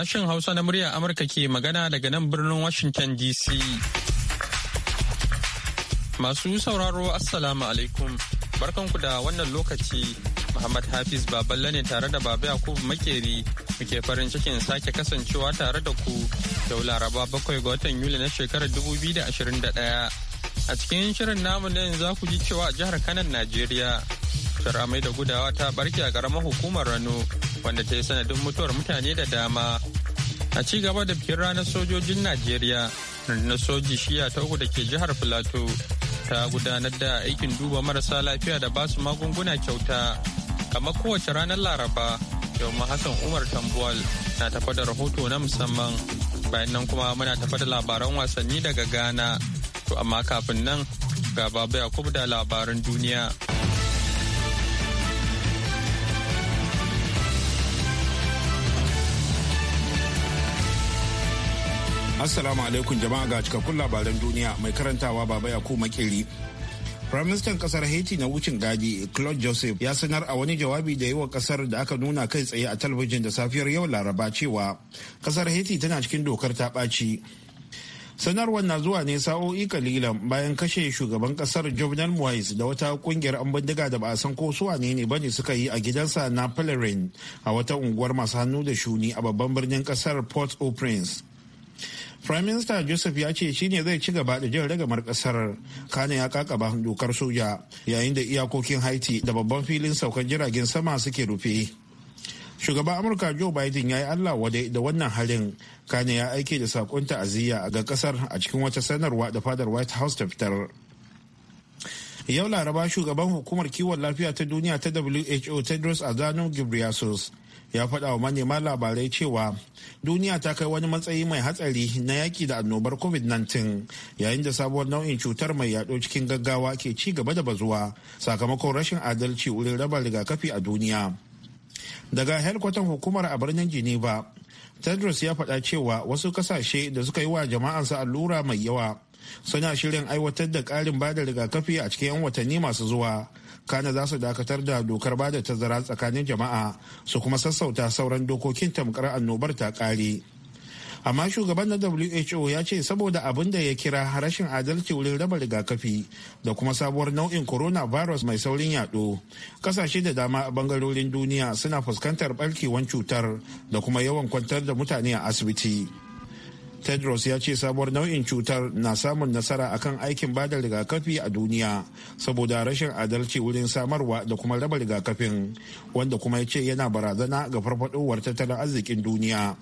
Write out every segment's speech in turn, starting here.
Sashen Hausa na muryar Amurka ke magana daga nan birnin Washington DC. Masu sauraro Assalamu alaikum. Barkanku da wannan lokaci Muhammad Hafiz Baballe ne tare da Baba Yakubu Makeri muke farin cikin sake kasancewa tare da ku yau Laraba bakwai ga watan Yuli na shekarar 2021. A cikin shirin namu nan yanzu za ku ji cewa a jihar Kanan Najeriya. Shara mai da gudawa ta barke a ƙaramar hukumar Rano wanda ta yi sanadin mutuwar mutane da dama a ci gaba da bikin ranar sojojin najeriya na soji shiya ta uku da ke jihar filato ta gudanar da aikin duba marasa lafiya da basu magunguna kyauta kamar kowace ranar laraba yau hassan umar tambuwal na tafa da rahoto na musamman bayan nan kuma muna tafa da labaran wasanni daga ghana to amma kafin nan ga babu yakub da labaran duniya Assalamu alaikum jama'a ga cikakkun labaran duniya mai karantawa baba ya ku makeri. Firaministan kasar Haiti na wucin gadi Claude Joseph ya sanar a wani jawabi da yawa kasar da aka nuna kai tsaye a talabijin da safiyar yau Laraba cewa kasar Haiti tana cikin dokar ta ɓaci. Sanarwar na zuwa ne sa'o'i kalilan bayan kashe shugaban kasar Jovenel moyes da wata kungiyar an bindiga da ba a san ko su wane ne bane suka yi a gidansa na Pelerin a wata unguwar masu hannu da shuni a babban birnin kasar Port-au-Prince. Prime Minister Joseph ya ce shi ne zai ci gaba da jin ragamar kasar kane ya kakaba dokar soja yayin da iyakokin Haiti da babban filin saukan jiragen sama suke rufe. Shugaban Amurka Joe Biden ya yi Allah wadai da wannan harin kane ya aike da sakon ta'aziyya ga kasar a cikin wata sanarwa da fadar White House ta fitar. Yau Laraba shugaban hukumar kiwon lafiya ta duniya ta WHO Tedros Adhanom Ghebreyesus ya faɗa wa manema labarai cewa duniya ta kai wani matsayi mai hatsari na yaki da annobar covid-19 yayin da sabuwar nau'in cutar mai yaɗo cikin gaggawa ke ci gaba da bazuwa sakamakon rashin adalci wurin raba rigakafi a duniya daga helkwatan hukumar a birnin geneva tedros ya faɗa cewa wasu kasashe da suka yi wa jama'ansa allura mai yawa suna shirin aiwatar da ƙarin bada rigakafi a cikin 'yan watanni masu zuwa kana za su dakatar da dokar bada tazara tsakanin jama'a su kuma sassauta sauran dokokin tamkar annobar ta kare amma shugaban na who ya ce saboda abin da ya kira rashin adalci wurin raba rigakafi da kuma sabuwar nau'in coronavirus mai saurin yaɗo kasashe da dama a bangarorin duniya suna fuskantar ɓarkewar cutar da kuma yawan kwantar da mutane a asibiti tedros ya ce sabuwar nau'in cutar na samun nasara akan aikin bada rigakafi a duniya saboda rashin adalci wurin samarwa da kuma raba rigakafin wanda kuma ya ce yana barazana ga farfadowar tattalin arzikin duniya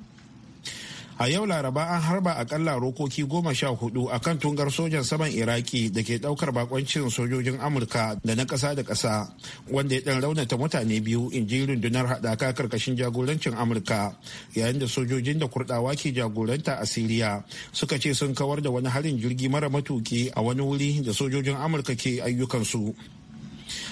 a yau laraba an harba akalla rokoki goma sha hudu a kan tungar sojan saman iraki da ke daukar bakoncin sojojin amurka da na kasa da kasa wanda ya dan raunata mutane biyu in ji rundunar haɗaka karkashin jagorancin amurka yayin da sojojin da kurdawa ke jagoranta a siriya suka ce sun kawar da wani harin jirgi mara matuki a wani wuri da sojojin amurka ke ayyukansu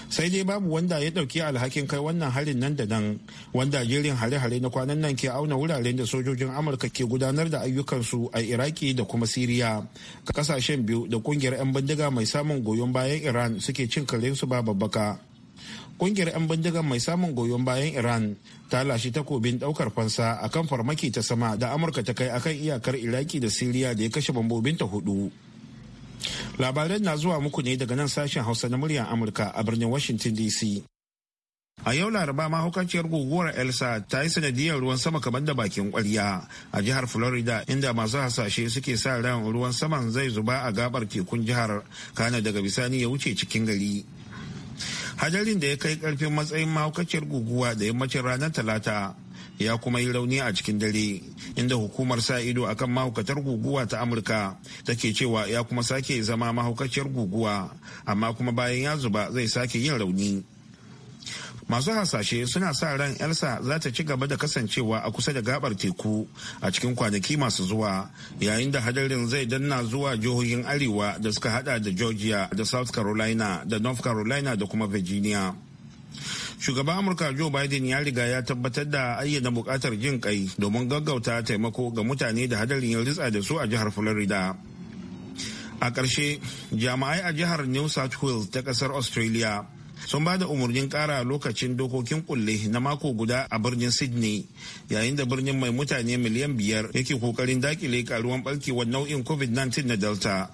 sai dai babu wanda ya dauki alhakin kai wannan harin nan da nan wanda jerin hare-hare na kwanan nan ke auna wuraren da sojojin amurka ke gudanar da ayyukansu a iraki da kuma siriya kasashen biyu da kungiyar 'yan bindiga mai samun goyon bayan iran suke cin su ba babbaka kungiyar 'yan bindiga mai samun goyon bayan iran ta lashe takobin daukar fansa akan farmaki ta sama da amurka ta kai akan iyakar iraki da siriya da ya kashe bambobinta hudu labarai na zuwa muku ne daga nan sashen Hausa na muryar Amurka a birnin Washington DC. A yau Laraba mahaukaciyar guguwar Elsa ta yi sanadiyar ruwan sama kamar da bakin kwarya a jihar Florida inda masu hasashe suke sa ran ruwan saman zai zuba a gabar tekun jihar kana daga bisani ya wuce cikin gari. Hadarin da ya kai karfin matsayin mahaukaciyar guguwa da yammacin ranar Talata ya kuma yi rauni a cikin dare inda hukumar sa ido akan mahaukatar guguwa ta amurka take cewa ya kuma sake zama mahaukaciyar guguwa amma kuma bayan ya zuba zai sake yin rauni masu hasashe suna sa ran elsa za ta ci gaba da kasancewa a kusa da gabar teku a cikin kwanaki masu zuwa yayin da hadarin zai danna zuwa jihohin arewa da suka hada da georgia da south carolina da north carolina da kuma virginia shugaban amurka joe biden ya riga ya tabbatar da ayyana bukatar jin kai domin gaggauta taimako ga mutane da hadarin ya ritsa da su a jihar florida a ƙarshe jami'ai a jihar new south wales ta ƙasar australia sun ba da umarnin ƙara lokacin dokokin kulle na mako guda a birnin sydney yayin da birnin mai mutane miliyan biyar yake kokarin dakile karuwan ɓarkewar nau'in covid-19 na delta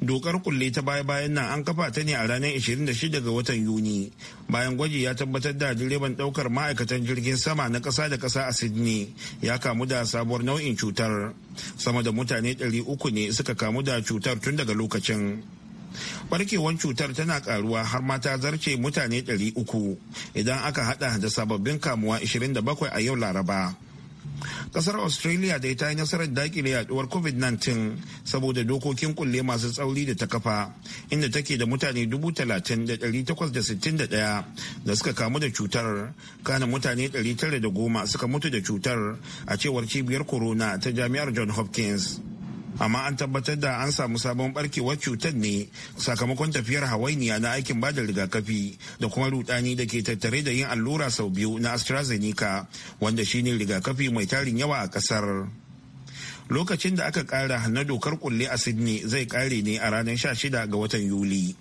dokar kulle ta baya-bayan nan an kafa ta ne a ranar 26 ga watan yuni bayan gwaji ya tabbatar da direban daukar ma'aikatan jirgin sama na kasa da kasa a sydney ya kamu da sabuwar nau'in cutar sama da mutane 300 ne suka kamu da cutar tun daga lokacin barkewar cutar tana karuwa har ma ta zarce mutane 300 idan aka hada da sababbin kamuwa 27 a yau laraba kasar australia da ta yi nasarar dakile yaduwar covid-19 saboda dokokin kulle masu tsauri da ta kafa inda take da mutane 30,861 da suka kamu da cutar kana mutane 910 suka mutu da cutar a cewar cibiyar corona ta jami'ar john hopkins amma an tabbatar da an samu sabon barkewar cutar ne sakamakon tafiyar hawainiya na aikin bada rigakafi da kuma rudani da ke tattare da yin allura sau biyu na astrazeneca wanda shine rigakafi mai tarin yawa a kasar lokacin da aka kara na dokar kulle a sydney zai kare ne a ranar 16 ga watan yuli.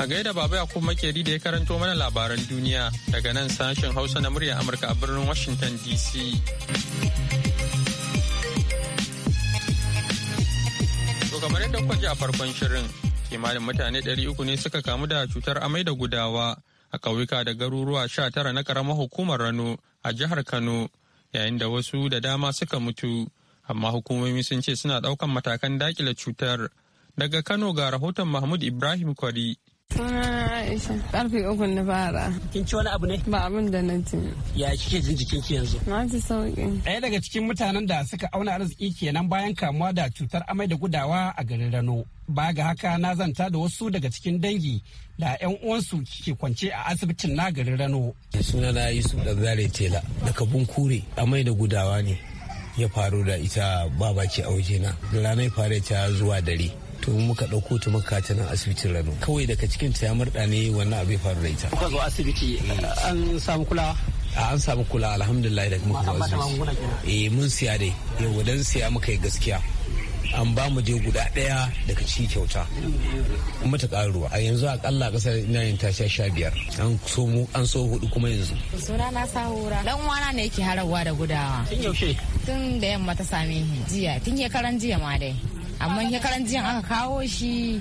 A gaida Baba ya kuma makeri da ya karanto mana labaran duniya daga nan sashen Hausa na muryar Amurka a birnin Washington DC. To kamar yadda kwaje a farkon shirin, kimanin mutane 300 ne suka kamu da cutar amai da gudawa a ƙauyuka da garuruwa 19 na ƙaramar hukumar Rano a jihar Kano, yayin da wasu da dama suka mutu, amma hukumomi sun ce suna ɗaukan matakan dakile cutar. Daga Kano ga rahoton Mahmud Ibrahim Kwari suna Aisha, karfe uku na fara. Kin ci wani abu ne? Ba abin da na ci. Ya kike jin jikin ki yanzu? Na ji sauki. Ɗaya daga cikin mutanen da suka auna arziki kenan bayan kamuwa da cutar amai da gudawa a garin Rano. Ba ga haka na zanta da wasu daga cikin dangi da 'yan uwansu ke kwance a asibitin na garin Rano. suna na Yusuf zare Tela daga Bunkure amai da gudawa ne ya faru da ita ba ce a wajena. Da ranar fara ta zuwa dare. to muka ɗauko ta muka ta nan asibitin Rano kawai daga cikin ta ya murɗa ne wannan abin faru da ita kuka zo asibiti eh. an samu kulawa an samu kula alhamdulillah da kuma kuma eh mun siya dai yau dan siya muka yi gaskiya an ba mu je guda ɗaya daga ciki kyauta mata karuwa a yanzu a kasar ina yin tasha sha biyar an so mu an so hudu kuma yanzu suna na sahura dan wana ne yake harawa da gudawa tun yaushe tun da yamma ta same jiya tun ya karan jiya ma dai amma shekaran jiyan aka kawo shi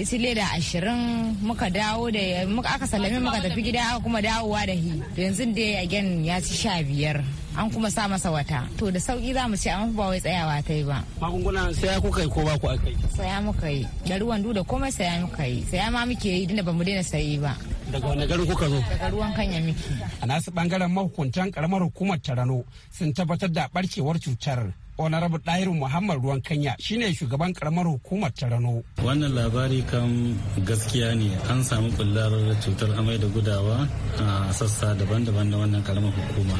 isi leda ashirin muka dawo da muka aka sallame muka tafi gida aka kuma dawowa da hi to yanzu dai again ya ci sha biyar an kuma sa masa wata to da sauki za mu ce amma ba wai tsayawa ta yi ba magunguna saya kuka yi ko ba ku aka yi saya muka yi da ruwan da komai saya muka yi saya ma muke yi dinda ba mu daina sayi ba daga wani garin kuka zo daga ruwan kanya miki a nasu bangaren mahukuntan karamar hukumar tarano sun tabbatar da barkewar cutar Honorable Dairu Muhammad Ruwan Kanya shine shugaban karamar hukumar Tarano. Wannan labari kan gaskiya ne an samu kullar cutar amai da gudawa a sassa daban-daban na wannan karamar hukuma.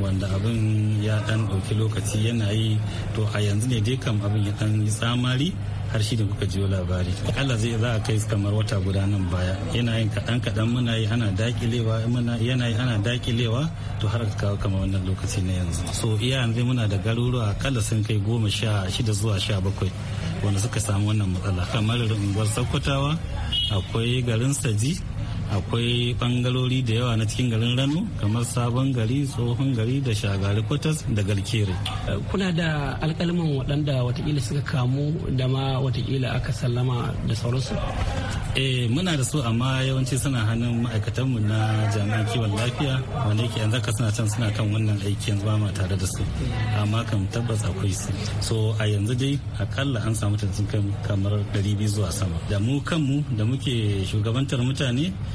wanda abin ya dan ɗauki lokaci yana yi to a yanzu ne dai kam abin ya dan yi tsamari har shi da kuka jiyo labari Allah zai za a kai kamar wata guda nan baya yana yin kaɗan kaɗan muna yi ana dakilewa yana yi ana dakilewa to har kawo kamar wannan lokaci na yanzu so iya yanzu muna da garuruwa kalla sun kai goma sha shida zuwa sha bakwai wanda suka samu wannan matsala kamar unguwar sakkwatawa akwai garin saji akwai bangalori da yawa na cikin garin rano kamar sabon gari tsohon gari da shagari kotas da galkere kuna da alkalman waɗanda watakila suka kamu da ma watakila aka sallama da sauransu eh muna da su amma yawanci suna hannun ma'aikatanmu na jami'an kiwon lafiya wanda yake yanzu ka suna can suna kan wannan aiki yanzu ba ma tare da su amma kan tabbas akwai su so a yanzu dai akalla an samu sun kamar 200 zuwa sama da mu kanmu da muke shugabantar mutane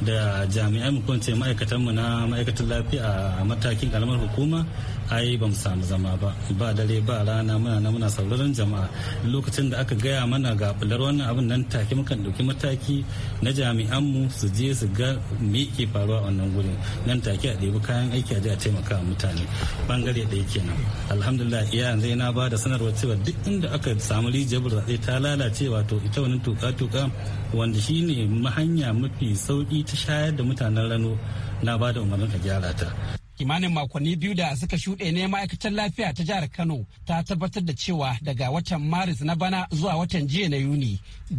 da jami'ai mu kwance ma'aikatan mu na ma'aikatar lafiya a matakin karamar hukuma ai ba mu samu zama ba ba dare ba rana muna na muna sauraron jama'a lokacin da aka gaya mana ga bular wannan abin nan take mukan dauki mataki na jami'an mu su je su ga me ke faruwa a wannan gurin nan take a ɗebi kayan aiki a je a taimaka mutane bangare ɗaya kenan alhamdulillah iya yanzu na ba da sanarwar cewa duk inda aka samu rijiyar da ta lalace wato ita wani tuka-tuka wanda shine mahanya mafi sauki ta shayar da mutanen rano na ba da umarnin a gyara ta kimanin makonni biyu da suka shuɗe ne ma'aikatar lafiya ta jihar kano ta tabbatar da cewa daga watan maris na bana zuwa watan jiya na yuni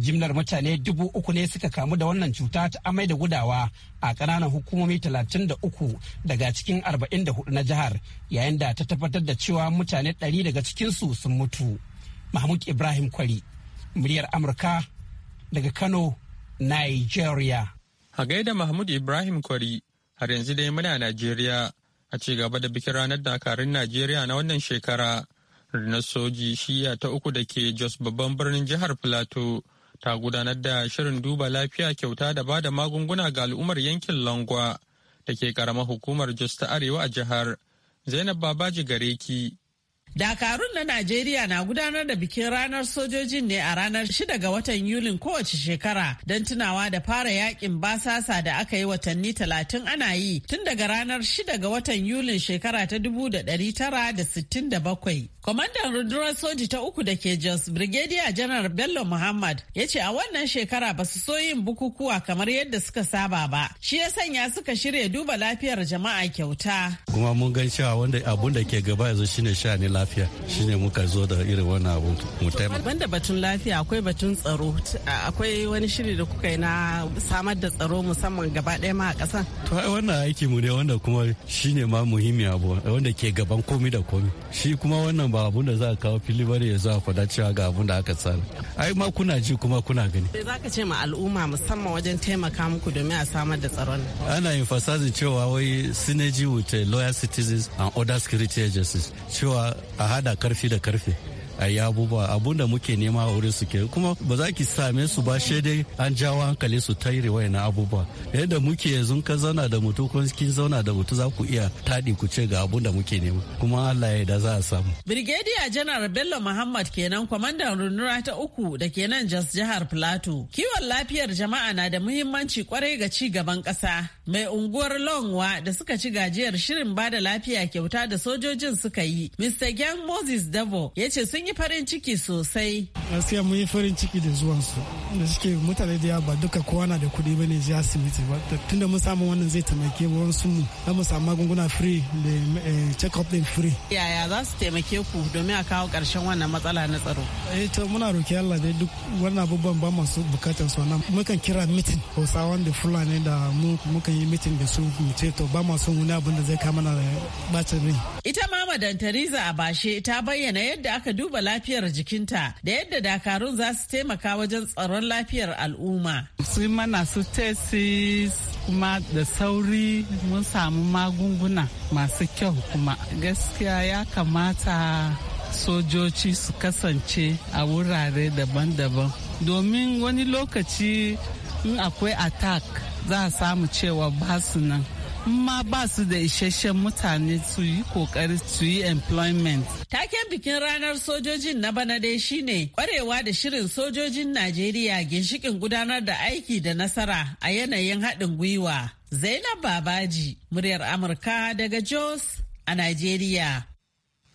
jimlar mutane dubu uku ne suka kamu da wannan cuta ta amai da gudawa a ƙananan hukumomi talatin da uku daga cikin arba'in da hudu na jihar yayin da ta tabbatar da cewa mutane ɗari daga cikinsu sun mutu mahmud ibrahim kwari muryar amurka daga kano nigeria A gaida Mahmud Ibrahim Kwari har yanzu dai muna Najeriya a ci gaba da bikin ranar dakarun Najeriya na wannan shekara. Rundunar soji shiya ta uku da ke Jos babban birnin jihar Filato ta gudanar da shirin duba lafiya kyauta da ba da magunguna ga al'ummar yankin Langwa da ke karamar hukumar Jos ta Arewa a jihar. Zainab Babaji Gareki Dakarun na Najeriya na gudanar da bikin ranar sojojin ne a ranar 6 ga watan Yulin kowace shekara don tunawa da fara yakin basasa da aka yi watanni 30 ana yi tun daga ranar 6 ga watan Yulin shekara ta 1967. Kwamandan rundunar soji ta uku da ke Jos Brigadier Janar Bello Muhammad ya ce a wannan shekara ba su so yin bukukuwa kamar yadda suka saba ba. Shi ya sanya suka shirya duba lafiyar jama'a kyauta. Kuma mun gan cewa wanda abun da ke gaba yanzu shine sha ne lafiya shine muka zo da irin wannan abu mu taimaka. Banda batun lafiya akwai batun tsaro akwai wani shiri da kuka yi na samar da tsaro musamman gaba ɗaya ma a ƙasan. To wannan aiki mu ne wanda kuma shine ma muhimmi abu wanda ke gaban komi da komi. Shi kuma wannan ba abun da za a kawo fili bane ya za faɗa cewa ga abun da aka tsara ai ma kuna ji kuma kuna gani za ka ce ma al'umma musamman wajen taimaka muku domin a samar da tsaron ana emphasizing cewa wai synergy with eh, loyal citizens and other security agencies cewa a hada karfi da karfe a yi abubuwa abun da muke nema a wurin su ke kuma ba za ki same su ba shi dai an jawo hankali su ta yi na abubuwa yadda muke yanzu ka zauna da mutu ko kin zauna da mutu za ku iya taɗi ku ce ga abun da muke nema kuma Allah ya da za a samu. Brigadier General Bello Muhammad kenan kwamandan rundura ta uku da kenan Jos Jihar Plateau. Kiwon lafiyar jama'a na da muhimmanci kwarai ga ci gaban ƙasa. Mai unguwar Longwa da suka ci gajiyar shirin bada lafiya kyauta da sojojin suka yi. Mr. Gang Moses Davo ya ce sun yi farin ciki sosai. Gaskiya mun yi farin ciki da zuwan su. Da suke mutane da yawa ba duka kowa na da kuɗi bane je asibiti ba. Tunda mun samu wannan zai taimake mu wasu mu. Za mu samu magunguna free da eh, check up din free. Yaya za su taimake ku domin a kawo ƙarshen wannan matsala na tsaro? Eh to muna roki Allah dai duk wannan abubuwan ba masu bukatar su nan. Mukan kira mitin Hausawan da Fulani da mu mukan yi mitin da su mu ce to ba masu wani abin da zai kama na bacin rai. Ita ma madan Tariza Abashe ta bayyana yadda aka duba duba lafiyar jikinta da yadda dakarun za su taimaka wajen tsaron lafiyar al'umma. Su mana su tesis kuma da sauri mun samu magunguna masu kyau kuma. Gaskiya ya kamata sojoji su kasance a wurare daban-daban domin wani lokaci in akwai attack za a samu cewa basu nan. amma ba su da isasshen mutane su yi kokari su yi employment. Taken bikin ranar sojojin na bana dai shine kwarewa da shirin sojojin Najeriya ginshikin gudanar da aiki da nasara a yanayin haɗin gwiwa. Zainab Babaji, muryar Amurka daga Jos a Najeriya.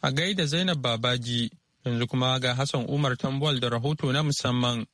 A gaida Zainab Babaji, yanzu kuma ga Hassan Umar Tambol da rahoto na musamman.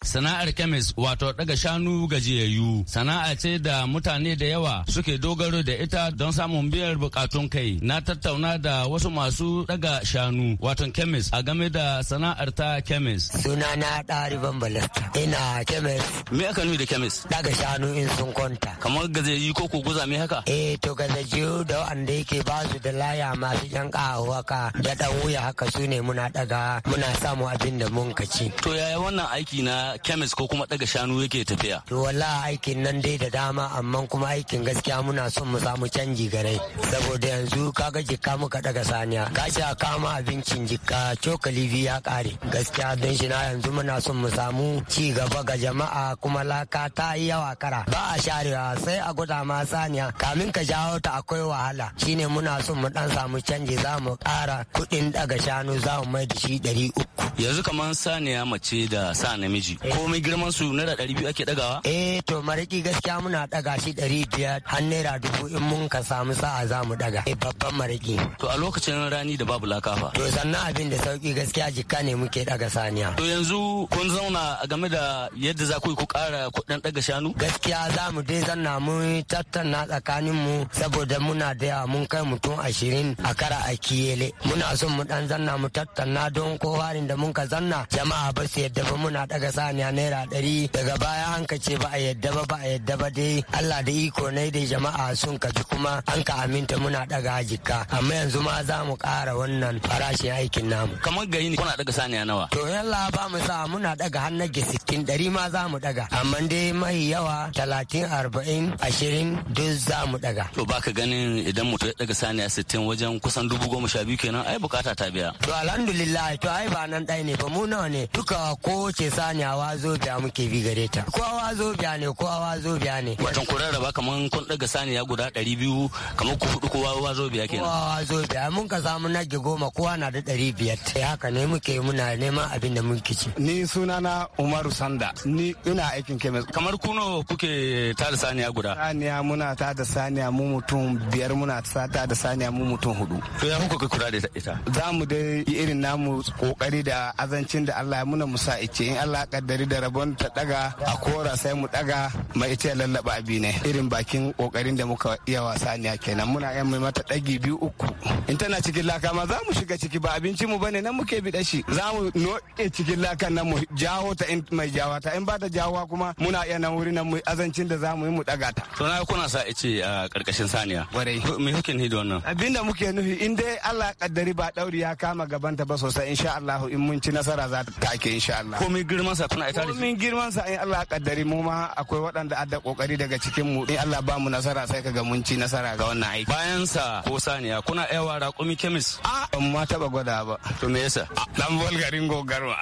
Sana'ar kemis wato daga shanu gajiyayyu sana'a ce da mutane da yawa suke dogaro da ita don samun biyar bukatun kai. Na tattauna da wasu masu daga shanu wato kemis a game da sana'ar ta kemis. Suna na ɗari balasta ina kemis. Me aka nuni da kemis? Daga shanu in sun kwanta. Kamar gajiyayyu ko ko guza me haka? Eh to gajiyayyu da wanda yake ba su da laya masu jan haka da ɗan wuya haka su ne muna daga muna samu abin da mun kaci. To yaya wannan aiki na kemis ko kuma daga shanu yake tafiya to wallahi aikin nan dai da dama amma kuma aikin gaskiya muna son mu samu canji gare saboda yanzu kaga jikka muka daga saniya gashi a kama abincin jikka cokali biyu ya kare gaskiya don shi na yanzu muna son mu samu ci gaba ga jama'a kuma laka ta yi yawa kara ba a sharewa sai a guda ma saniya kamin ka jawo ta akwai wahala shine muna son mu dan samu canji za mu kara kuɗin daga shanu za mu mai da shi ɗari uku yanzu kamar saniya mace da sa namiji komai girman su naira ɗari biyu ake ɗagawa? eh to mariki gaskiya muna ɗaga shi ɗari biyar har naira dubu in mun ka samu sa'a za mu ɗaga eh babban mariki. to a lokacin rani da babu lakafa. to sannan abin da sauki gaskiya jikka ne muke ɗaga saniya. to yanzu kun zauna game da yadda za ku yi ku ƙara kuɗin ɗaga shanu? gaskiya za mu dai zanna mun tattauna tsakanin mu saboda muna da yawa mun kai mutum ashirin a kara a kiyele muna son mu ɗan zanna mu tattauna don ko harin da mun ka zanna jama'a ba su yadda ba muna ɗaga sa ne a naira ɗari daga baya an ka ce ba a yadda ba ba a yadda ba dai Allah da iko ne dai jama'a sun ka bi kuma an ka aminta muna daga jikka amma yanzu ma za mu ƙara wannan farashin aikin namu. Kamar gari ne kuna daga saniya nawa? To yalla ba mu sa muna daga har nage sittin ɗari ma za mu daga amma dai mai yawa talatin arba'in ashirin duk za mu daga. To ba ka ganin idan mutum ya daga saniya sittin wajen kusan dubu goma sha biyu kenan ai bukata ta biya. To alhamdulillah to ai ba nan ɗaya ne ba mu nawa ne duka ko ce saniya awa biya muke bi gare ta ko awa biya ne ko awa biya ne wato kun rarraba kaman kun daga saniya guda ɗari biyu kamar ku hudu kowa awa biya kenan kowa zo biya mun ka samu nage goma kowa na da ɗari biyar sai haka ne muke muna neman abin da muke ci ni sunana umaru sanda ni ina aikin kemis kamar kuno kuke ta da saniya guda saniya muna ta da saniya mu mutum biyar muna ta ta da saniya mu mutum hudu to ya kuka kura da ita za mu dai irin namu kokari da azancin da Allah ya muna musa ice in Allah ya dari da rabon ta daga a kora sai mu daga mai ita lallaba abi ne irin bakin kokarin da muka iya wasa ne kenan muna yan mai mata dagi biyu uku in tana cikin laka ma za mu shiga ciki ba abinci mu bane nan muke bi shi za mu noke cikin lakan nan mu jawo ta in mai jawa ta in ba ta jawa kuma muna iya nan wuri nan mu azancin da za mu yi mu daga ta to na kuna sa ice a karkashin saniya gwarai me hukin hido wannan abinda muke nufi in dai Allah kaddari ba dauri ya kama gaban ta ba sosai insha Allah in mun ci nasara za ta take insha Allah komai girman sa tuna ita da Mun girman sa in Allah kaddari mu ma akwai waɗanda adda kokari daga cikin mu in Allah ba mu nasara sai kaga mun ci nasara ga wannan aiki bayan sa ko saniya kuna yawa raƙumi kemis a ban ma taba gwada ba to me yasa dan bolgarin gogarwa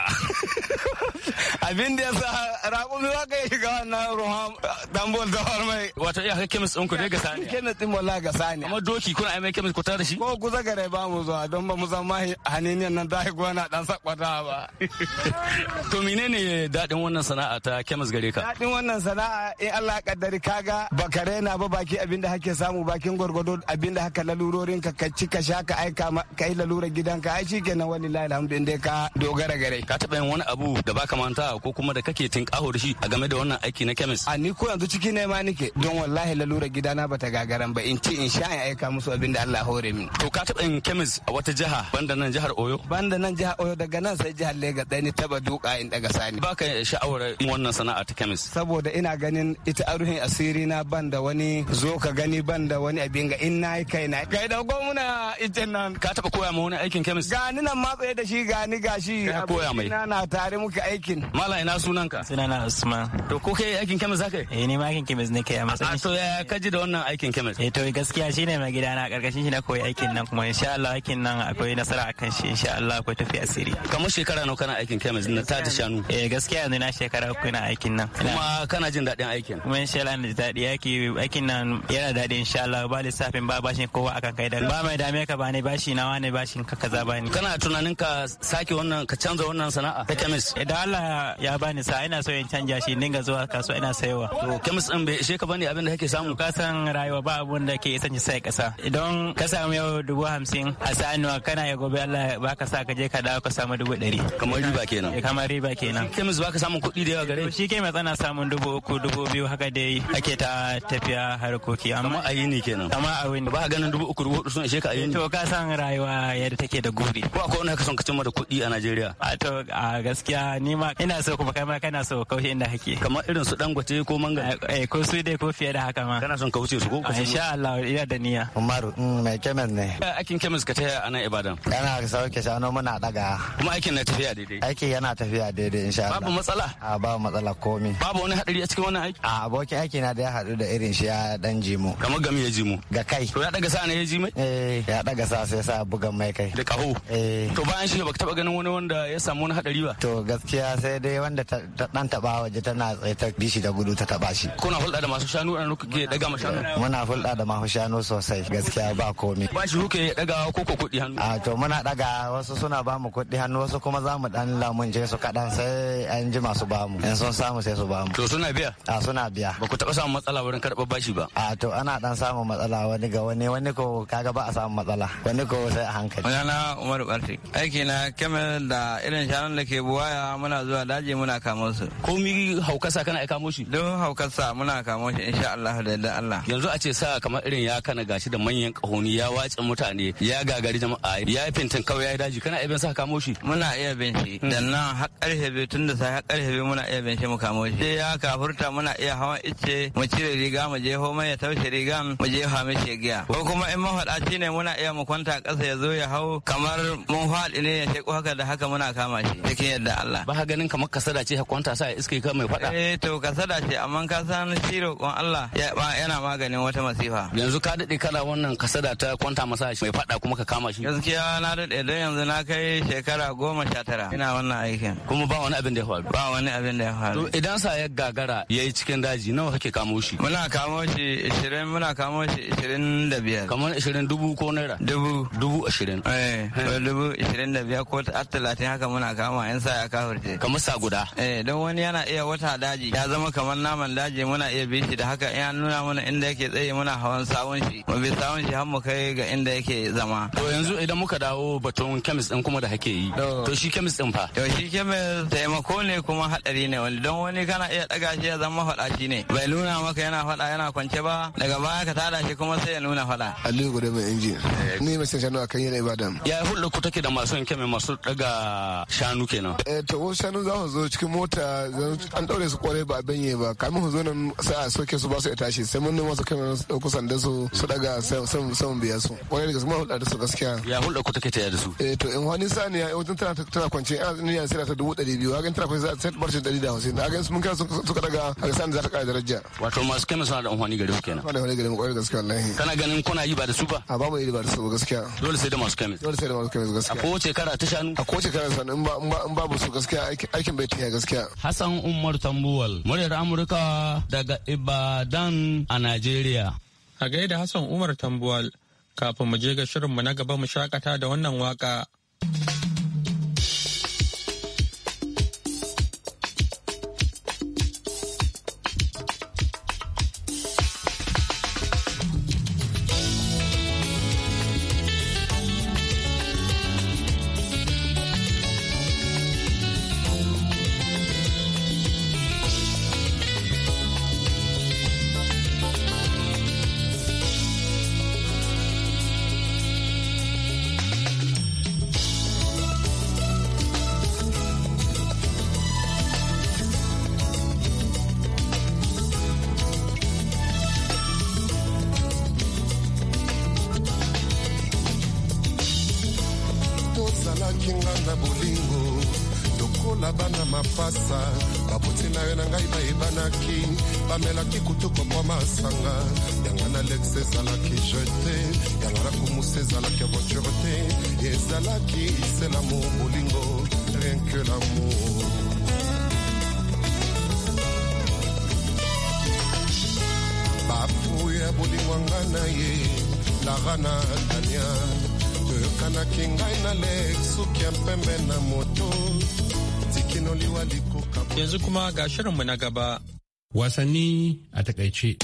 abin da yasa raƙumi ba kai shiga wannan ruwa dan eh, bol da mai wato iya kemis din ku ne ga saniya kemis din wallahi ga saniya amma doki kuna ai mai kemis ku tare da shi ko guza gare ba mu zuwa don ba mu zama haniniyan nan da gona dan sakwata ba to menene daɗin wannan sana'a ta kemis gare ka? Daɗin wannan sana'a in Allah kaddari kaga Bakare ka raina ba baki abinda hake samu bakin gwargwado abinda haka lalurorin ka ci ka sha ka aika ka yi lalurar gidanka ai shikenan wani lahi alhamdu inda ka dogara gare. Ka taɓa yin wani abu da baka manta ko kuma da kake tinkaho da shi a game da wannan aiki na kemis? A ni ko yanzu ciki ne ma nike don wallahi lalurar gidana ba ta gagaran ba in ci in sha in aika musu abinda Allah hore min. To ka taɓa yin kemis a wata jiha banda nan jihar Oyo? Banda nan jihar Oyo daga nan sai jihar Legas ɗaya ni taɓa duka in daga sani. baka sha'awar wannan sana'a ta kemis saboda ina ganin ita aruhin asiri na ban da wani zo ka gani ban da wani abin ga in na kai na kai da gwamna itin nan ka taba koya ma wani aikin kemis gani nan ma tsaye da shi gani gashi ka koya mai ina na tare muke aikin mala ina sunanka sunana usman to ko kai aikin kemis zaka eh ni ma aikin kemis nake a matsayin to ya kaji da wannan aikin kemis eh to gaskiya shine mai gida na karkashin shi na koyi aikin nan kuma insha Allah aikin nan akwai nasara akan shi insha Allah akwai tafiya asiri kamar shekara nawa kana aikin kemis na ta shanu eh gaskiya yanzu na shekara uku na aikin nan kuma kana jin daɗin aikin kuma insha Allah na daɗi aiki aikin nan yana daɗi insha Allah ba lissafin ba bashin kowa akan kai da ba mai dame ka ba ne bashi na wani bashin ka kaza ba ne kana tunanin ka sake wannan ka canza wannan sana'a ta kemis da Allah ya bani sa ina so in canja shi dinga zuwa kasuwa ina sayowa to kemis din bai ishe ka bane abin da kake samu ka san rayuwa ba abun da ke isa ni sai kasa idan ka samu yau dubu hamsin a sa'anuwa kana ya gobe Allah ka sa ka je ka dawo ka samu dubu ɗari kamar riba kenan eh, kamar riba kenan alhamis baka samun kuɗi da yawa gare shi ke mai tsana samun dubu uku dubu biyu haka dai ake ta tafiya harkoki amma a yini kenan amma a wani ba ganin dubu uku dubu sun ishe ka a yini to ka san rayuwa yadda take da guri ko akwai wani haka son ka cimma da kuɗi a Najeriya a to a gaskiya ni ma ina so kuma kai ma kana so kaushe inda hake kamar irin su dangote ko manga eh ko su dai ko fiye da haka ma kana son ka wuce su ko ka insha Allah ina da niyya Umaru mm, mai kemis ne aikin kemis ka taya a nan Ibadan kana sauke shanu muna daga kuma aikin na tafiya daidai aikin yana tafiya daidai insha Allah babu matsala a ba matsala komai babu wani hadari a cikin wannan aiki a abokin aiki na da ya hadu da irin shi ya dan jimo. kamar gami ya jimo. ga kai to ya daga sa ne ya ji mai eh ya daga sa sai sa bugan mai kai da kaho eh to bayan shi baka taba ganin wani wanda ya samu wani hadari ba to gaskiya sai dai wanda ta dan taba waje tana tsaye ta bishi da gudu ta taba shi kuna hulɗa da masu shanu a ke daga masu shanu muna hulɗa da masu shanu sosai gaskiya ba komai ba shi kuke daga ko kudi hannu a to muna daga wasu suna ba mu kudi hannu wasu kuma za mu dan lamunje su kadan sai an jima su bamu. in sun samu sai su bamu. to suna biya a suna biya ba ku taɓa samun matsala wurin karɓar bashi ba a to ana dan samun matsala wani ga wani wani ko kaga ba a samun matsala wani ko sai a hankali na Umar Barti aiki na kemal da irin shanun da ke buwaya muna zuwa daji muna kamo su komi haukasa kana aika moshi don haukasa muna kamo shi insha Allah da yadda Allah yanzu a ce sa kamar irin ya kana gashi da manyan kahoni ya wace mutane ya gagari jama'a ya fintin kawai ya yi daji kana aibin sa kamo shi muna iya bin shi da nan har karfe tun da safe karfe muna iya benshi mu kamo shi sai ya kafurta muna iya hawan ice mu cire riga mu je homa ya taushe riga mu je ha mishi giya ko kuma in shi ne muna iya mu kwanta ƙasa ya zo ya hau kamar mun faɗi ne ya sheko haka da haka muna kama shi cikin yadda Allah ba ganin kamar kasada ce kwanta sa iske ka mai faɗa eh to kasada ce amma ka san shi roƙon Allah yana maganin wata masifa yanzu ka daɗe kana wannan kasada ta kwanta masa shi. mai faɗa kuma ka kama shi gaskiya na daɗe don yanzu na kai shekara goma sha tara ina wannan aikin kuma ba wani abin da faru ba wani abin da ya faru idan sa ya gagara ya yi cikin daji nawa kake kamo shi muna kamo shi 20 muna kamo shi 25 kamar 20 dubu ko naira dubu dubu 20 eh dubu 25 ko har 30 haka muna kama yan sa ya kafirce kamar sa guda eh don wani yana iya wata daji ya zama kamar naman daji muna iya bi shi da haka in nuna mana inda yake tsaye muna hawan sawun shi mu bi sawun shi har mu kai ga inda yake zama to yanzu idan muka dawo batun kemis din kuma da hake yi to shi kemis din fa to shi kemis taimako ko ne kuma hadari ne wani don wani kana iya daga shi ya zama faɗa ne bai nuna maka yana faɗa yana kwance ba daga baya ka tada shi kuma sai ya nuna faɗa. Aliyu Gudu mai inji eh. ni mai san shanu akan yana Ibadan. Ya hulɗa ku take da masu yanke mai masu daga shanu kenan. Eh to wasu shanu za su zo cikin mota an daure su kwarai ba banye ba kamin su zo nan sai a soke su ba su ya tashi sai mun nuna su kan su ɗauko su su daga sama biya su. Wani da gaske hulɗa da su gaskiya. Ya hulɗa ku take ta da su. Eh to in wani saniya wajen tana kwance ina sai ta dubu ɗari biyu akwai set barcin ɗari da hamsin da mun kira suka daga alisan za ta ƙara daraja. wato masu kemis suna da amfani gari kenan. na. wani gari mu gaskiya wallahi. kana ganin kuna yi ba da su ba. a ba mu yi ba da su gaskiya. dole sai da masu kemis. dole sai da masu kemis gaskiya. a kowace kara ta shanu. a kowace kara shanu in babu su gaskiya aikin bai tafiya gaskiya. Hassan Umar Tambuwal muryar Amurka daga Ibadan a Najeriya. A gaida Hassan Umar Tambuwal kafin mu je ga shirinmu na gaba mu shakata da wannan waka. bamelaki kutoko mwa masanga yanga na lex ezalaki jete yanga na kumusa ezalaki voiture te ezalaki iselamo bolingo rien que lamour bafuya bolingwanga na ye larana dania toyokanaki ngai na lex suki ya mpembe na moto tikinoliwa likoka yanzu kuma ga shirinmu na gaba Wasanni a takaice.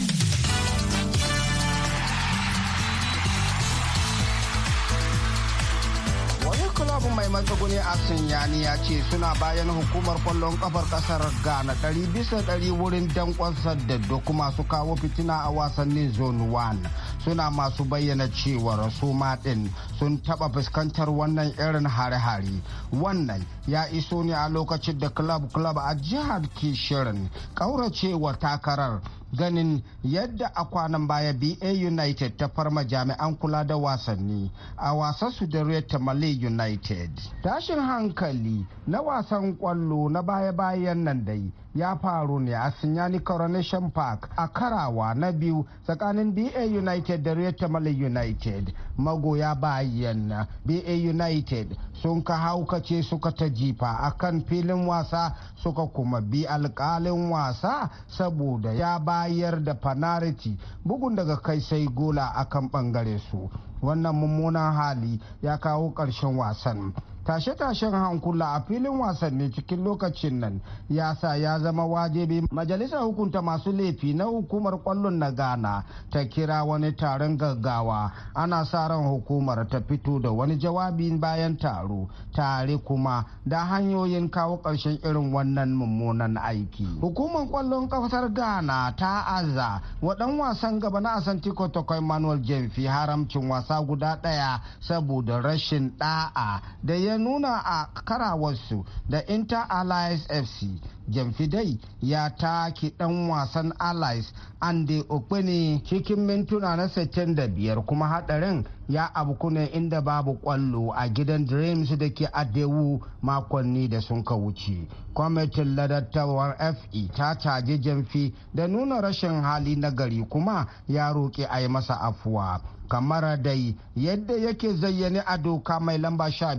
kulob mai matsuguni asin yani ya ce suna bayan hukumar kwallon kafar kasar ghana ɗari bisa ɗari wurin dankon da kuma su kawo fitina a wasannin zone 1 suna masu bayyana cewa su ɗin sun taɓa fuskantar wannan irin hare-hare wannan ya iso ne a lokacin da club-club a jihar ke shirin ƙauracewa takarar ganin yadda a kwanan baya ba united ta farma jami'an kula da wasanni a wasansu da reta united tashin hankali na wasan kwallo na baya-bayan nan dai ya faru ne a sinyani coronation park a karawa na biyu tsakanin ba united da retamale united magoya bayan ba united sun ka haukace suka ta jifa a kan filin wasa suka kuma bi alkalin wasa saboda ya bayar da fanariti bugun daga kai sai gola akan bangare su wannan mummunan hali ya kawo ƙarshen wasan tashe-tashen hankula a filin wasanni cikin lokacin nan ya sa ya zama wajibi majalisar hukunta masu laifi na hukumar kwallon na ghana ta kira wani taron gaggawa ana sa ran hukumar ta fito da wani jawabi bayan taro tare kuma da hanyoyin kawo ƙarshen irin wannan mummunan aiki hukumar kwallon ƙasar ghana ta aza waɗan wasan gaba na asanti kotokoi manuel jemfi haramcin wasa guda ɗaya saboda rashin ɗa'a da ya ya nuna a karawarsu da inter allies fc jamfidai ya taki dan wasan allies ande okpene cikin mintuna na 65 kuma hadarin ya abu ne inda babu kwallo a gidan dreams da ke adewu makonni da sun ka wuce kwamitin ladattawar fe ta caji jamfi da nuna rashin hali na gari kuma ya roƙi a yi masa afuwa kamar dai yadda yake zayyane a doka mai lamba sha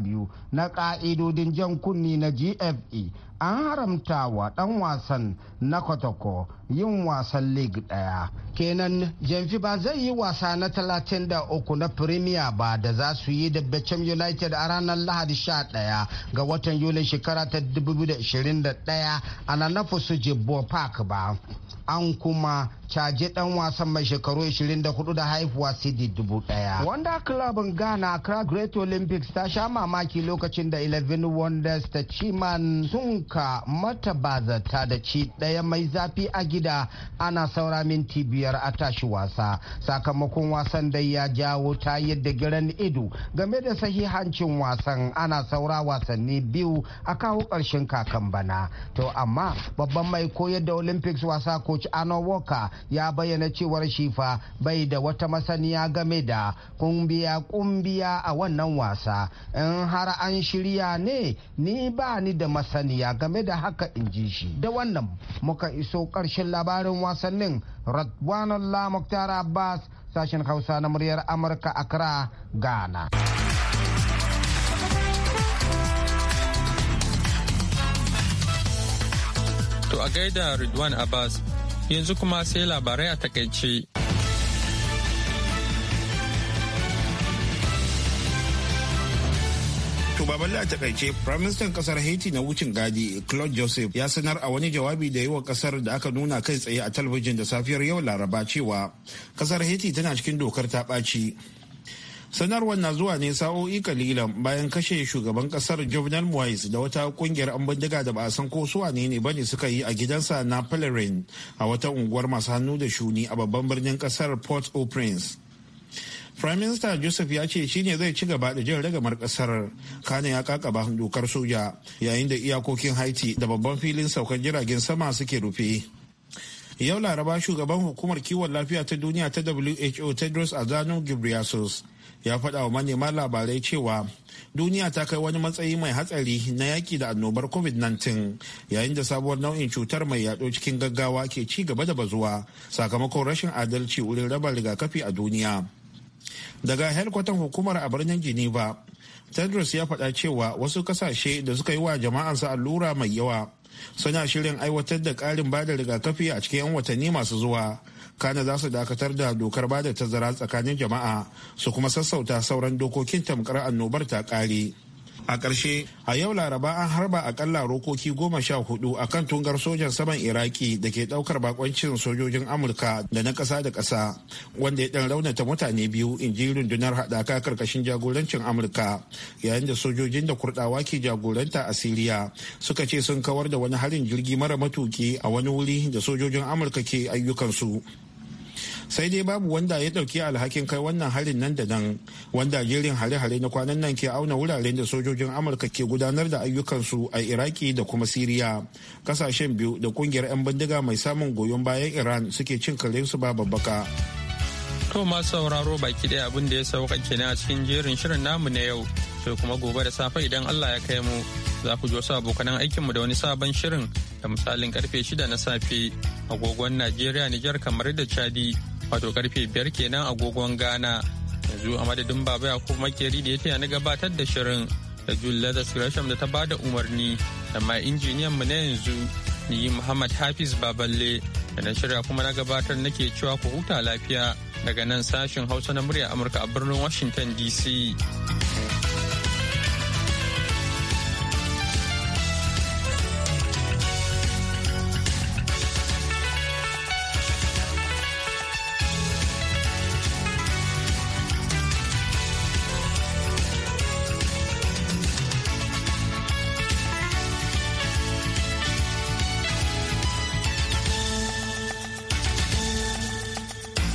na ƙa'idodin jan kunni na gfe an haramta wa ɗan wasan na kotoko yin wasan league daya kenan jamfi ba zai yi wasa na 33 na premier ba da za su yi da Becham united a ranar lahadi sha 11 ga watan yuli shekara ta 2021 a nanafu su jibbo park ba an kuma caje dan wasan mai shekaru 24 da haifuwa sidi dubu daya. Wanda club Ghana Accra Great Olympics ta sha mamaki lokacin da 11 Wonders ta ciman sun duka mata bazata da ci ɗaya mai zafi a gida ana saura minti biyar a tashi wasa sakamakon wasan da ya jawo ta yadda giran ido game da sahihancin wasan ana saura wasanni biyu a kawo ƙarshen kakan bana to amma babban mai koyar da olympics wasa coach ano walker ya bayyana cewar shifa bai da wata masaniya game da kumbiya kumbiya a wannan wasa in har an shirya ne ni ba ni da masaniya game da haka in ji shi da wannan muka iso ƙarshen labarin wasannin radwanallah muktar abbas sashen hausa na muryar amurka a accra ghana to a gaida ridwan abbas yanzu kuma sai labarai a takaice To baban da takaice Prime Minister kasar Haiti na wucin gadi Claude Joseph ya sanar a wani jawabi da yawa kasar da aka nuna kai tsaye a talabijin da safiyar yau Laraba cewa kasar Haiti tana cikin dokar ta ɓaci. Sanarwar na zuwa ne sa'o'i kalilan bayan kashe shugaban kasar Jovenel moyes da wata kungiyar an bindiga da ba a san ko suwa ne ne bane suka yi a gidansa na Pelerin a wata unguwar masu hannu da shuni a babban birnin kasar Port-au-Prince. Prime Minister Joseph ya ce shi ne zai ci gaba da jin ragamar kasar. Kane ya kakaba dokar soja yayin da iyakokin Haiti da babban filin saukar jiragen sama suke rufe. Yau Laraba shugaban hukumar kiwon lafiya ta duniya ta WHO Tedros Adhanom Ghebreyesus ya faɗa wa manema labarai cewa duniya ta kai wani matsayi mai hatsari na yaki da annobar covid-19 yayin da sabuwar nau'in cutar mai yaɗo cikin gaggawa ke ci gaba da bazuwa sakamakon rashin adalci wurin raba rigakafi a duniya. daga helkwatan hukumar a birnin geneva tedros ya faɗa cewa wasu kasashe da suka yi wa jama'ansa allura mai yawa suna shirin aiwatar da ƙarin bada rigakafi a cikin 'yan watanni masu zuwa kana za su dakatar da dokar bada tazara tsakanin jama'a su kuma sassauta sauran dokokin tamkar annobar ta ƙare a ƙarshe a yau laraba an harba akalla rokoki goma sha hudu a kan tungar sojan saman iraki da ke ɗaukar bakoncin sojojin amurka da na ƙasa da ƙasa wanda ya ɗan raunata mutane biyu in ji rundunar haɗaka karkashin jagorancin amurka yayin da sojojin da kurɗawa ke jagoranta a siriya suka ce sun kawar da wani harin jirgi mara matuki a wani wuri da sojojin amurka ke ayyukansu sai dai babu wanda ya ɗauki alhakin kai wannan harin nan da nan wanda jerin hare-hare na kwanan nan ke auna wuraren da sojojin amurka ke gudanar da ayyukansu a iraki da kuma siriya kasashen biyu da kungiyar 'yan bindiga mai samun goyon bayan iran suke cin karensu ba babbaka To ma sauraro baki ɗaya abin da ya sauka kenan a cikin jerin shirin namu na yau sai kuma gobe da safe idan Allah ya kai mu za ku ji wasu abokanan aikinmu da wani sabon shirin da misalin karfe shida na safe agogon Najeriya Nijar kamar da Chadi wato karfe biyar kenan agogon gana yanzu a madadin baba ya kuma makeri da ya taya yana gabatar da shirin da julia da gresham da ta ba da umarni da ma injiniyan mu na yanzu ni muhammad hafiz baballe da na shirya kuma na gabatar nake cewa ku huta lafiya daga nan sashin hausa na murya amurka a birnin washington dc